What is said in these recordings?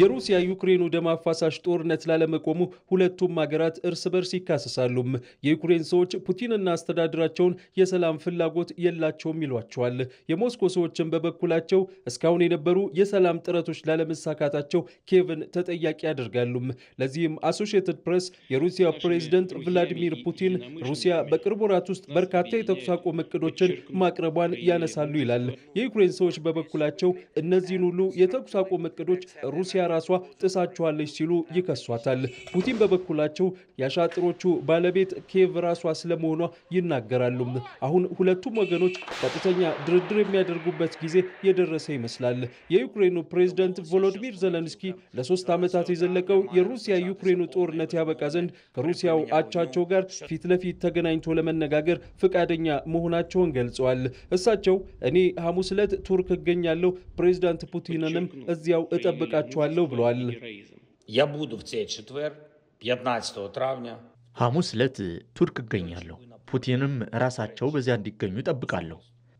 የሩሲያ ዩክሬኑ ደም አፋሳሽ ጦርነት ላለመቆሙ ሁለቱም ሀገራት እርስ በርስ ይካሰሳሉም። የዩክሬን ሰዎች ፑቲንና አስተዳደራቸውን የሰላም ፍላጎት የላቸውም ይሏቸዋል። የሞስኮ ሰዎችን በበኩላቸው እስካሁን የነበሩ የሰላም ጥረቶች ላለመሳካታቸው ኬቭን ተጠያቂ ያደርጋሉም። ለዚህም አሶሺየትድ ፕሬስ የሩሲያ ፕሬዚደንት ቭላዲሚር ፑቲን ሩሲያ በቅርብ ወራት ውስጥ በርካታ የተኩስ አቁም እቅዶችን ማቅረቧን ያነሳሉ ይላል። የዩክሬን ሰዎች በበኩላቸው እነዚህን ሁሉ የተኩስ አቁም እቅዶች ሩሲያ ራሷ ጥሳችኋለች ሲሉ ይከሷታል። ፑቲን በበኩላቸው የአሻጥሮቹ ባለቤት ኬቭ ራሷ ስለመሆኗ ይናገራሉ። አሁን ሁለቱም ወገኖች ቀጥተኛ ድርድር የሚያደርጉበት ጊዜ የደረሰ ይመስላል። የዩክሬኑ ፕሬዝዳንት ቮሎዲሚር ዘለንስኪ ለሶስት ዓመታት የዘለቀው የሩሲያ ዩክሬኑ ጦርነት ያበቃ ዘንድ ከሩሲያው አቻቸው ጋር ፊት ለፊት ተገናኝቶ ለመነጋገር ፈቃደኛ መሆናቸውን ገልጸዋል። እሳቸው እኔ ሐሙስ ዕለት ቱርክ እገኛለሁ፣ ፕሬዝዳንት ፑቲንንም እዚያው እጠብቃቸዋል አደርጋለሁ ብሏል ሽትወር የ15 ትራውኛ ሐሙስ ዕለት ቱርክ እገኛለሁ። ፑቲንም ራሳቸው በዚያ እንዲገኙ ጠብቃለሁ።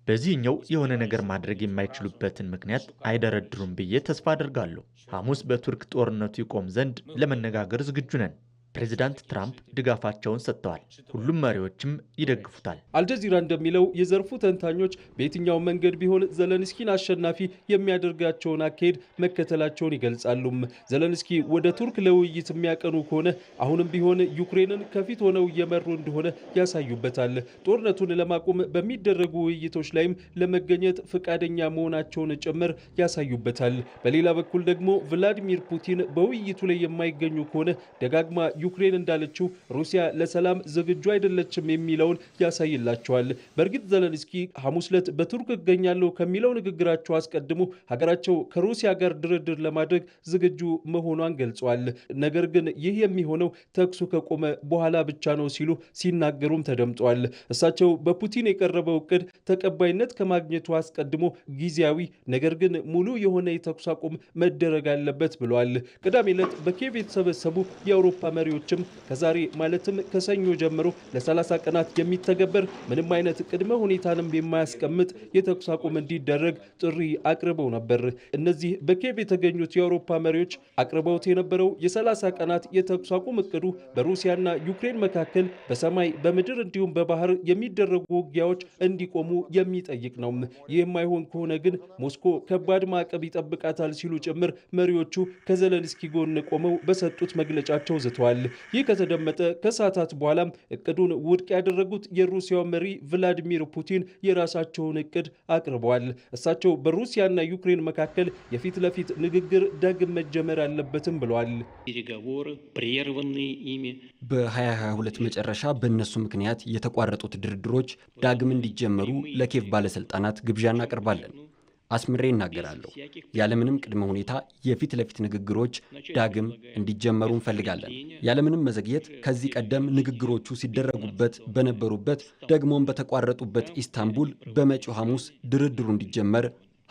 በዚህኛው የሆነ ነገር ማድረግ የማይችሉበትን ምክንያት አይደረድሩም ብዬ ተስፋ አድርጋለሁ። ሐሙስ በቱርክ ጦርነቱ ይቆም ዘንድ ለመነጋገር ዝግጁ ነን። ፕሬዚዳንት ትራምፕ ድጋፋቸውን ሰጥተዋል። ሁሉም መሪዎችም ይደግፉታል። አልጀዚራ እንደሚለው የዘርፉ ተንታኞች በየትኛው መንገድ ቢሆን ዘለንስኪን አሸናፊ የሚያደርጋቸውን አካሄድ መከተላቸውን ይገልጻሉም። ዘለንስኪ ወደ ቱርክ ለውይይት የሚያቀኑ ከሆነ አሁንም ቢሆን ዩክሬንን ከፊት ሆነው እየመሩ እንደሆነ ያሳዩበታል። ጦርነቱን ለማቆም በሚደረጉ ውይይቶች ላይም ለመገኘት ፈቃደኛ መሆናቸውን ጭምር ያሳዩበታል። በሌላ በኩል ደግሞ ቭላዲሚር ፑቲን በውይይቱ ላይ የማይገኙ ከሆነ ደጋግማ ዩክሬን እንዳለችው ሩሲያ ለሰላም ዝግጁ አይደለችም የሚለውን ያሳይላቸዋል። በእርግጥ ዘለንስኪ ሐሙስ ዕለት በቱርክ እገኛለሁ ከሚለው ንግግራቸው አስቀድሞ ሀገራቸው ከሩሲያ ጋር ድርድር ለማድረግ ዝግጁ መሆኗን ገልጿል። ነገር ግን ይህ የሚሆነው ተኩሱ ከቆመ በኋላ ብቻ ነው ሲሉ ሲናገሩም ተደምጧል። እሳቸው በፑቲን የቀረበው እቅድ ተቀባይነት ከማግኘቱ አስቀድሞ ጊዜያዊ ነገር ግን ሙሉ የሆነ የተኩስ አቁም መደረግ አለበት ብለዋል። ቅዳሜ ዕለት በኪየቭ የተሰበሰቡ የአውሮፓ መሪዎች ተጓዦችም ከዛሬ ማለትም ከሰኞ ጀምሮ ለ30 ቀናት የሚተገበር ምንም አይነት ቅድመ ሁኔታንም የማያስቀምጥ የተኩስ አቁም እንዲደረግ ጥሪ አቅርበው ነበር። እነዚህ በኬቭ የተገኙት የአውሮፓ መሪዎች አቅርበውት የነበረው የ30 ቀናት የተኩስ አቁም እቅዱ በሩሲያና ዩክሬን መካከል በሰማይ በምድር እንዲሁም በባህር የሚደረጉ ውጊያዎች እንዲቆሙ የሚጠይቅ ነው። ይህ የማይሆን ከሆነ ግን ሞስኮ ከባድ ማዕቀብ ይጠብቃታል ሲሉ ጭምር መሪዎቹ ከዘለንስኪ ጎን ቆመው በሰጡት መግለጫቸው ዝተዋል። ተናግረዋል። ይህ ከተደመጠ ከሰዓታት በኋላ እቅዱን ውድቅ ያደረጉት የሩሲያው መሪ ቭላዲሚር ፑቲን የራሳቸውን እቅድ አቅርበዋል። እሳቸው በሩሲያና ዩክሬን መካከል የፊት ለፊት ንግግር ዳግም መጀመር አለበትም ብለዋል። በ2022 መጨረሻ በእነሱ ምክንያት የተቋረጡት ድርድሮች ዳግም እንዲጀመሩ ለኬቭ ባለስልጣናት ግብዣ እናቀርባለን። አስምሬ እናገራለሁ። ያለምንም ቅድመ ሁኔታ የፊት ለፊት ንግግሮች ዳግም እንዲጀመሩ እንፈልጋለን። ያለምንም መዘግየት ከዚህ ቀደም ንግግሮቹ ሲደረጉበት በነበሩበት ደግሞም በተቋረጡበት ኢስታንቡል በመጪው ሐሙስ ድርድሩ እንዲጀመር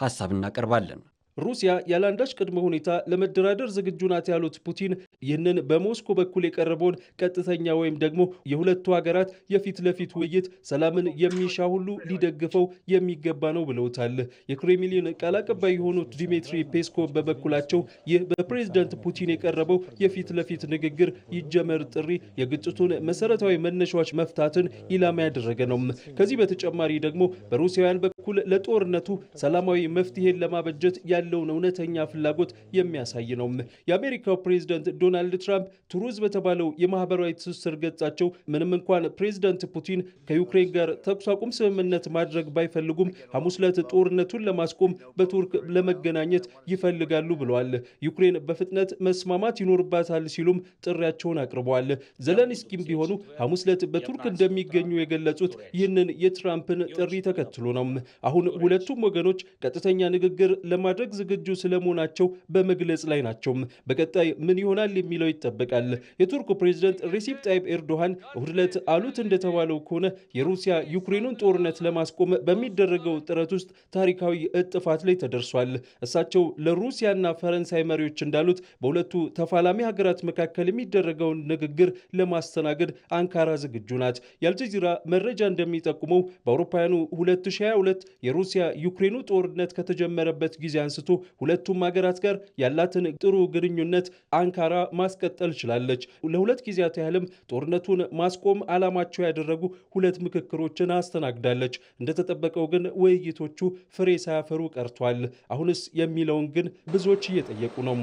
ሐሳብ እናቀርባለን። ሩሲያ ያለአንዳች ቅድመ ሁኔታ ለመደራደር ዝግጁ ናት ያሉት ፑቲን ይህንን በሞስኮ በኩል የቀረበውን ቀጥተኛ ወይም ደግሞ የሁለቱ ሀገራት የፊት ለፊት ውይይት ሰላምን የሚሻ ሁሉ ሊደግፈው የሚገባ ነው ብለውታል። የክሬምሊን ቃል አቀባይ የሆኑት ዲሚትሪ ፔስኮቭ በበኩላቸው ይህ በፕሬዝዳንት ፑቲን የቀረበው የፊት ለፊት ንግግር ይጀመር ጥሪ የግጭቱን መሰረታዊ መነሻዎች መፍታትን ኢላማ ያደረገ ነው። ከዚህ በተጨማሪ ደግሞ በሩሲያውያን በኩል ለጦርነቱ ሰላማዊ መፍትሄን ለማበጀት ያለ ያለውን እውነተኛ ፍላጎት የሚያሳይ ነው። የአሜሪካው ፕሬዚደንት ዶናልድ ትራምፕ ቱሩዝ በተባለው የማህበራዊ ትስስር ገጻቸው ምንም እንኳን ፕሬዚደንት ፑቲን ከዩክሬን ጋር ተኩስ አቁም ስምምነት ማድረግ ባይፈልጉም ሐሙስ ዕለት ጦርነቱን ለማስቆም በቱርክ ለመገናኘት ይፈልጋሉ ብለዋል። ዩክሬን በፍጥነት መስማማት ይኖርባታል ሲሉም ጥሪያቸውን አቅርበዋል። ዘለንስኪም ቢሆኑ ሐሙስ ዕለት በቱርክ እንደሚገኙ የገለጹት ይህንን የትራምፕን ጥሪ ተከትሎ ነው። አሁን ሁለቱም ወገኖች ቀጥተኛ ንግግር ለማድረግ ዝግጁ ስለመሆናቸው በመግለጽ ላይ ናቸው። በቀጣይ ምን ይሆናል የሚለው ይጠበቃል። የቱርክ ፕሬዝደንት ሬሲፕ ጣይብ ኤርዶሃን እሁድ ዕለት አሉት እንደተባለው ከሆነ የሩሲያ ዩክሬኑን ጦርነት ለማስቆም በሚደረገው ጥረት ውስጥ ታሪካዊ እጥፋት ላይ ተደርሷል። እሳቸው ለሩሲያና ፈረንሳይ መሪዎች እንዳሉት በሁለቱ ተፋላሚ ሀገራት መካከል የሚደረገውን ንግግር ለማስተናገድ አንካራ ዝግጁ ናት። የአልጀዚራ መረጃ እንደሚጠቁመው በአውሮፓውያኑ 2022 የሩሲያ ዩክሬኑ ጦርነት ከተጀመረበት ጊዜ አንስ አንስቶ ሁለቱም ሀገራት ጋር ያላትን ጥሩ ግንኙነት አንካራ ማስቀጠል ችላለች። ለሁለት ጊዜያት ያህልም ጦርነቱን ማስቆም ዓላማቸው ያደረጉ ሁለት ምክክሮችን አስተናግዳለች። እንደተጠበቀው ግን ውይይቶቹ ፍሬ ሳያፈሩ ቀርቷል። አሁንስ የሚለውን ግን ብዙዎች እየጠየቁ ነው።